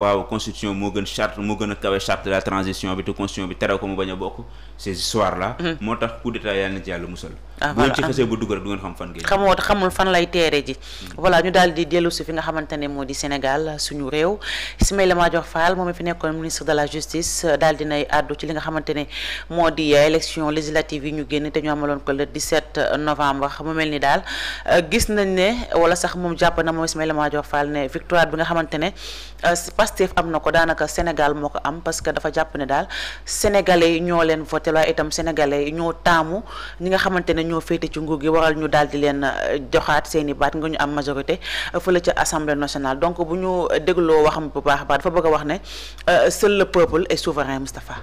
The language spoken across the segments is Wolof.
waaw constitution moo gën charte moo gën a kawe charte de la transition bi te constitution bi tere ko mu bañ a bokk ces histoires là mhm. moo tax coup d'état yàlla na ci yàlla musal ah, bu ngeen ci xasee mhm. fi nga xamante ne moo di Sénégal suñu fi nekkoon ministre de la justice daal dinay àddu ci li nga xamante ne moo di eh, élection législative yi ñu génn te ñu amaloon ko le 17 novembre mu mel ni daal gis nañ ne wala sax moom jàpp na moom Ismaïla Madior Fall ne victoire bi nga xamante ne eh, Pastef am na ko daanaka Sénégal moo ko am parce que dafa jàpp ne daal sénégalais yi ñoo leen voté itam sénégalais yi ñoo taamu ñi nga xamante ne ñoo féete ci nguur gi waral ñu daal di leen euh, joxaat seeni baat nga ñu am majorité euh, fële ca assemblée nationale donc bu ñu dégloo waxam bu baax a baax dafa bëgg a wax ne euh, seul le peuple est souverain Moustapha.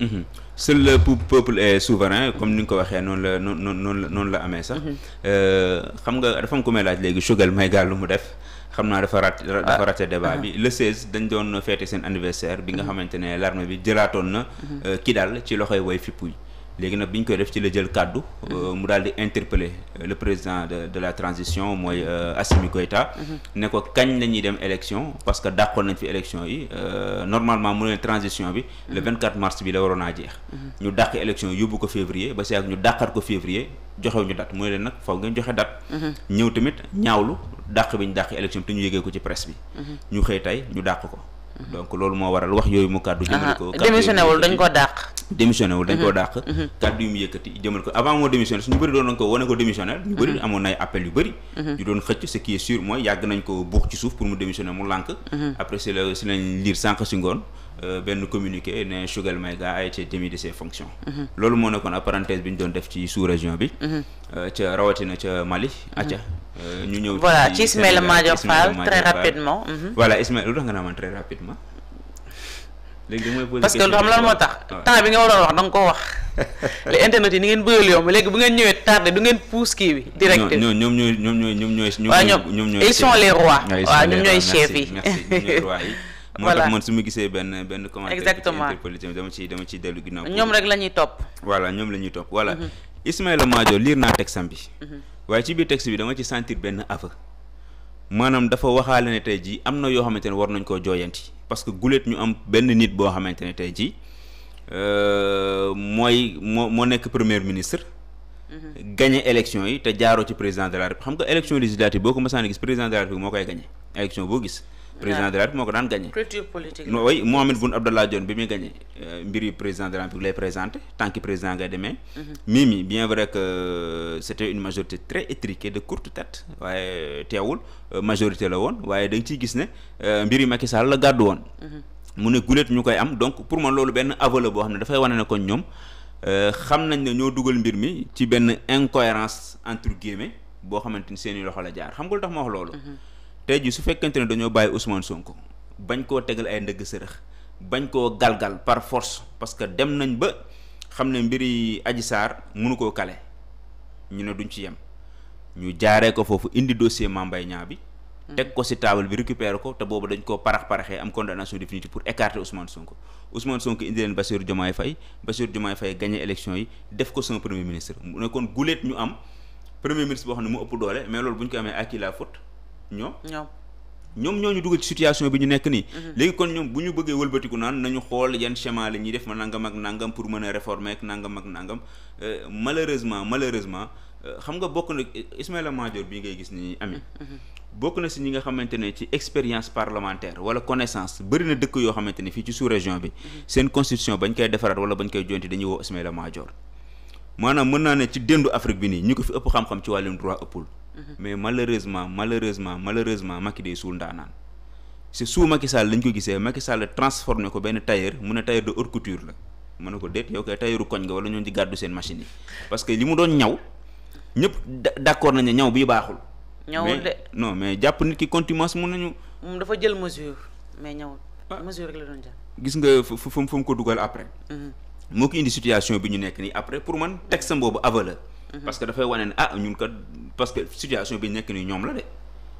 Mm-hmm. seul le peuple est souverain comme ni nga ko waxee noonu la noonu noonu noonu la amee sax. Mhm. Euh, xam nga dafa ko ku may laaj léegi Choguel Maïga lu mu def. xam naa dafa rat dafa ah. raté debaa bi ah. le 16 dañ doon feete seen anniversaire bi nga mhm. xamante ne l'armée bi jëlaatoon na. ki mhm. euh, Kidal ci loxoy way fippuy léegi nag bi ñu koy def ci la jël kàddu mhm. euh, mu daal di interpeller euh, le président de de la transition mooy euh, Assimi Goïta mhm. ne ko kañ la ñuy dem élection parce que dàqoon nañ fi élection yi normalement mu ne transition bi le 24 mhm. mars bi la waroon a jeex ñu dàq élection yóbbu ko février ba se ak ñu dàqaat ko février joxewu ñu date mooy leen nag faw ngeen joxe date ñëw tamit ñaawlu dàq bi ñu dàq élection bi te ñu yëgee ko ci presse bi ñu xëy tey ñu dàq ko donc loolu moo waral wax yooyu mu kàddu jëmale ko démissionné wul dañ ko dàq démissionné wul dañ ko mhm. dàq mhm. kàddu yu mu yëkkati jëmale ko avant moo démissionné suñu bëri doon nañ ko wane ko démissionné ñu bëri mhm. amoon nay appel yu bëri ñu doon xëcc ce qui est sûr mooy yàgg nañ ko buux ci suuf pour mu démissionné mu lànk après si la si lañ liir sànq si ngoon Euh, benn communiqué ne Choguel Maïga a été démis de ses fonctions. Mhm. loolu moo nekkoon ab bi ñu doon def ci sous région bi. Mhm. Euh, ca rawatina ca Mali. Mhm. acca euh, ñu ñëw. voilà ci Ismaïla Madior Fall très naa man très rapidement. léegi mooy posé parce que lu xam lan moo tax temps bi nga waroon wax da nga ko wax les internet yi ni ngeen bëyal yomb léegi bu ngeen ñëwee tardé du ngeen pousse bi direct ñoom ñoom ñooy ñoom ñooy ñoom ñooy ñoom ñooy ils sont les rois waaw ñoom ñooy chefs yi moo tax man su ma gisee benn benn commentaire exactement interpolitique dama ci dama ciy dellu ginnaaw ñoom rek la ñuy topp voilà ñoom la ñuy topp voilà mhm. Ismaïla Madior liir naa textam bi mhm. waaye ci biir texte bi dama ci sentir benn aveu maanaam dafa waxaale ne tey jii am na yoo xamante ne war nañ koo jooyanti parce que guléet ñu am benn nit boo xamante ne tey jii euh, mooy moo moo nekk premier ministre mhm. gagné élection yi te jaaroo ci président de la république xam nga élection législative boo ko mësaan gis président de la république boo gis président de la moo ko daan gagné. culture politique la oui Mohamed bi muy gagné euh, mbir yu président de la République lay présenté tant que président ngay demee. Mhm. Mimi bien vrai que euh, c' une majorité très étriquée de courte tête waaye euh, teewul majorité la woon waaye danga nga ciy gis ne mbir yu Macky Sall la gàddu woon. Mhm. mu ne guléet ñu koy am donc pour man loolu benn aveu boo xam ne dafay wane ne kon ñoom xam nañ ne ñoo dugal mbir mi ci benn incohérence entre guillemets boo xamante ni seen i loxo la jaar xam nga lu ma wax tey jii su fekkente ne dañoo bàyyi Ousmane Sonko bañ koo tegal ay ndëgg sërëx bañ koo galgal par force parce que dem nañ ba xam ne mbiri Adji Sarr mënu koo kale ñu ne duñ ci yem ñu jaaree ko foofu indi dossier Mame Mbaye Niang bi hmm. teg ko ci table bi récupérer ko te boobu dañ koo parax-paraxee am condamnation définitive pour écarter Ousmane Sonko Ousmane Sonko indi leen Bassirou Diomaye Faye Bassirou Diomaye Faye gagné élection yi def ko son premier ministre ne kon guléet ñu doole mais loolu bu amee à qui ñoom ñoom ñoo ñu dugal ci situation bi ñu nekk nii mhm. léegi kon ñoom bu ñu bëggee wëlbatiku naan nañu xool yan schéma la ñuy def ma nangam ak nangam pour mën a réformer ak nangam ak nangam euh, malheureusement euh, xam nga bokk na Ismaïla Madior bi ngay gis ni ami mhm, mhm. bokk na si ñi xamante ne ci expérience parlementaire wala connaissance bëri na dëkk yoo xamante ne fii ci sous région bi seen constitution bañ koy defaraat wala bañ koy jonti dañuy woo Ismaïla Madior maanaam mën naa ne ci déndu Afrique bi nii ñu ko fi ëpp xam-xam ci wàllum droit ëppul Mhm. mais malheureusement malheureusement malheureusement Macky day suul ndaanaan si suu Macky Sall lañ ko gisee Macky Sall transformé ko benn tailleur mu ne tailleur de haute couture la mën na ko déet yow kay tailleuru koñ nga wala ñoon di gàddu seen machine yi parce que li mu doon ñaw ñëpp d'accord nañ ne ñaw bii baaxul. ñawul de mais jàpp nit ki contumace mun nañu. dafa jël mesure mais ñawul. Ah. mesure rek la doon jàpp. gis nga fu fu mu ko dugal après. Mhm. moo indi situation bi ñu nekk nii après pour man texte boobu aveu la Mhm. parce que dafay wane ne ah ñun kat parce que situation bi nekk ni ñoom la de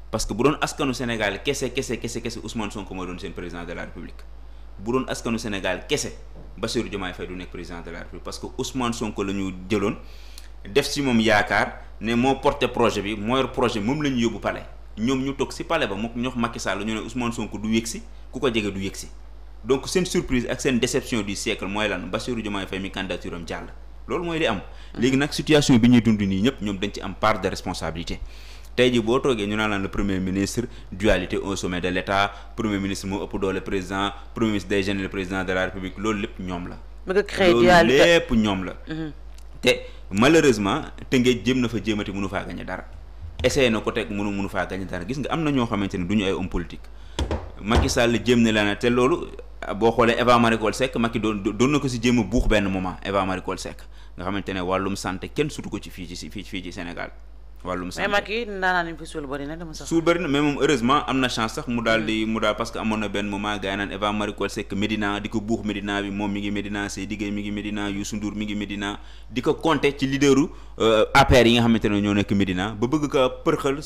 parce que bu doon askanu Sénégal kese kese kese kese Ousmane Sonko moo doon seen président de la République bu doon askanu Sénégal kese Bassirou Diomaye Faye du nekk président de la République parce que Ousmane Sonko la ñu jëloon def si moom yaakaar ne moo porté projet bi moo projet moom la ñu yóbbu palais ñoom ñu toog si palais ba moom ñu ne Ousmane Sonko du yëg si ku ko jege du yëg si donc seen surprise ak seen déception du mooy lan Bassirou Diomaye Faye mi candidature loolu mooy di am. léegi nag situation bi ñuy dund nii ñëpp ñoom dañ ci am part de responsabilité. tey jii boo toogee ñu naan laan le premier ministre dualité au sommet de l'État premier ministre moo ëpp doole président premier ministre day gêner le président de la république loolu lépp ñoom la. mu ngi créé dualité loolu lépp ñoom la. Mm-hmm. te malheureusement Tëngéej jéem na fa jéemati mënu faa gañe dara. essayé na ko teg mënu munu faa gañe dara gis nga am na ñoo xamante ne du ñu ay homme politique. Macky Sall jéem ne la ne te loolu boo xoolee Eva Marie Coll Seck Macky doon doon na ko si jéem a buux benn moment Eva Marie Coll nga xamante ne wàllum santé kenn sutu ko ci fii ci fii fii ci Sénégal wàllum santé mais Macky ndaanaan nañ fi suul na dama sax suul bëri na mais moom heureusement am na chance sax mu daal di parce que amoon na benn moment gars naan Eva Marie Coll Médina di ko buux Médina bi moom mi ngi Médina Seydi Gueye mi ngi Médina Youssou Ndour mi ngi Médina di ko compter ci leaderu euh, APR yi nga xamante ne ñoo nekk Médina ba bëgg ko përxal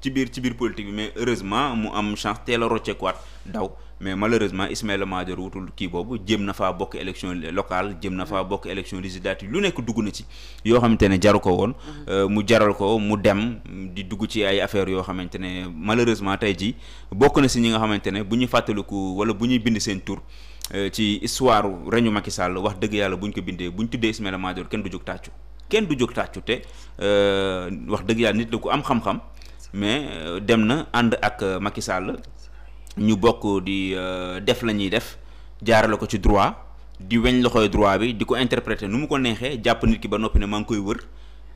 ci biir ci biir politique bi mais heureusement mu am chance teel a waat daw mais malheureusement Ismaïla Madior wutul kii boobu jéem na faa bokk élection locale jéem na faa bokk élection législative lu nekk dugg na ci yoo xamante ne jaru ko woon euh, mu jaral ko mu dem di dugg ci ay affaires yoo xamante ne malheureusement tey jii bokk na si ñi nga xamante ne bu ñu fàttaliku wala bu ñuy bind seen tur euh, ci histoire reñu Macky Sall wax dëgg yàlla bu ñu ko bindee bu ñu tuddee Ismaïla Madior kenn du jóg tàccu kenn du jóg tàccu te euh, wax dëgg yàlla nit la ku am xam mais euh, dem na ànd ak euh, Macky Sall ñu bokk di euh, def la ñuy def jaarale ko ci droit di weñ loxoy droit bi di ko interpréter nu mu ko neexee jàpp nit ki ba noppi ne maa ngi koy wër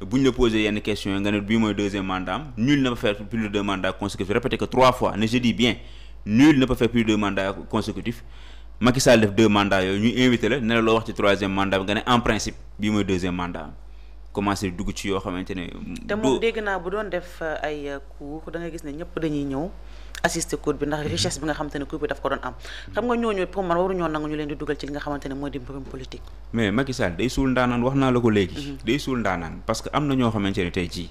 bu ñu la posé yenn question yi nga ne bii mooy deuxième mandat am nul ne peut faire plus de deux mandats consécutifs répété que trois fois ne je dis bien nul ne peut faire plus de deux mandats consécutifs Macky Sall def deux mandats yooyu ñu invité la ne loo wax ci troisième mandat bi nga ne en principe bii mooy deuxième commencé dugg ci yoo xamante ne. te moom dégg naa bu doon def euh, ay euh, cours da gis ne ñëpp dañuy ñëw assister cours bi ndax mhm. richesse bi nga xamante ne cours bi daf ko doon am. xam nga ñooñu pour man waruñoo nangu ñu leen di dugal ci li nga xamante ne mooy di mbirum politique. mais Macky Sall day suul ndaanaan wax naa la ko léegi. Mhm. day suul ndaanaan parce que am na ñoo xamante ne tey ci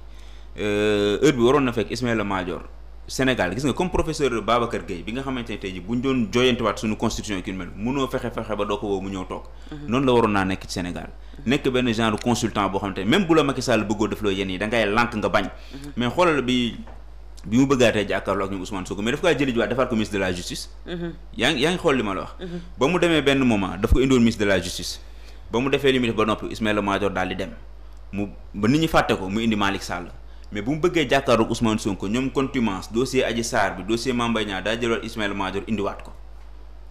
euh, heure bi waroon na fekk a Madior Sénégal gis nga comme professeur Babacar Gueye bi nga xamante ne tey ji bu ñu doon jooyantiwaat suñu constitution ki mel mënoo fexe fexe ba doo ko woo mu ñëw toog mhm. noonu la waroon naa nekk Sénégal nekk benn genre consultant boo xamante ne même bu la Macky Sall bëggoo def loo yenn yi da ngay lànk nga bañ mhm. mais xoolal bi bi mu bëggaatee jàkkaarloo ak ñu Ousmane Sonko mais daf kaa jëli waat defaat ko ministre de la justice mhm. yaa ngi yaa ngi xool li ma la wax ba mu demee benn moment daf ko indoon ministre mais bu mu bëggee jàkkaaroog Ousmane Sonko ñoom contumace dossier Adji Sarr bi dossier Mame Mbaye Niang daa jëloon indiwaat ko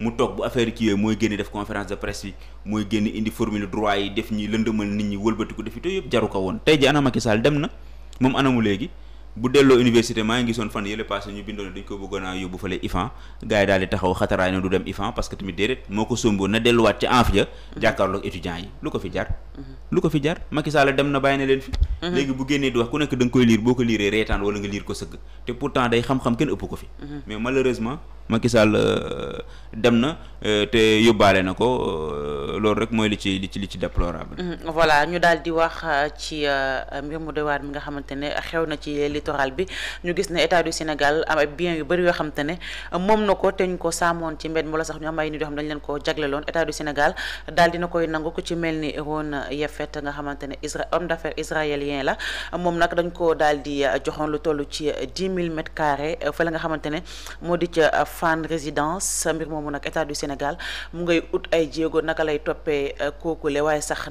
mu toog bu affaire kii yooyu mooy génn def conférence de presse bi mooy génn indi formule droit yi def ñi lëndëmal nit ñi wëlbatiku def it yëpp jaru ko woon tey ji ana Macky Sall dem na moom anamu léegi bu delloo université maa ngi gisoon fan yële passé ñu bindoon dañ ko bëggoon a yóbbu fale IFAN gars yi daal taxaw xataraay na du dem IFAN parce tamit déedéet moo ko somboon na delluwaat ci anf ja jàkkaarloog étudiants yi lu ko fi jar lu ko fi jar Macky Sall dem na bàyyi na leen fi mhm. léegi bu génnee di wax ku nekk da koy liir boo ko liiree reetaan wala nga liir ko sëgg te pourtant day xam-xam kenn ëpp ko fi mhm. mais malheureusement Macky Sall euh, na euh, te yóbbaale na ko euh, loolu rek mooy li ci li ci li ci déplorable. Mm-hmm. voilà ñu daal di wax euh, ci euh, mbir mu doy mi nga xamante ne xew na ci littoral bi ñu gis ne état du Sénégal am bien yu bëri yoo xamante ne moom na ko te ko saamoon ci mbedd wala sax ñu am ay nit yoo xam dañ leen ko jagleloon état du Sénégal daal dina koy nangu ku ci mel ni Ron Yefet nga xamante ne Isra homme d'affaires israélien la moom nag dañ ko daal di euh, joxoon lu toll ci dix mille mètres carrés fële nga xamante ne moo di ca Fann résidence mbir moomu nag état du Sénégal mu ngay ut ay jéego naka lay topp toppee euh, le waaye sax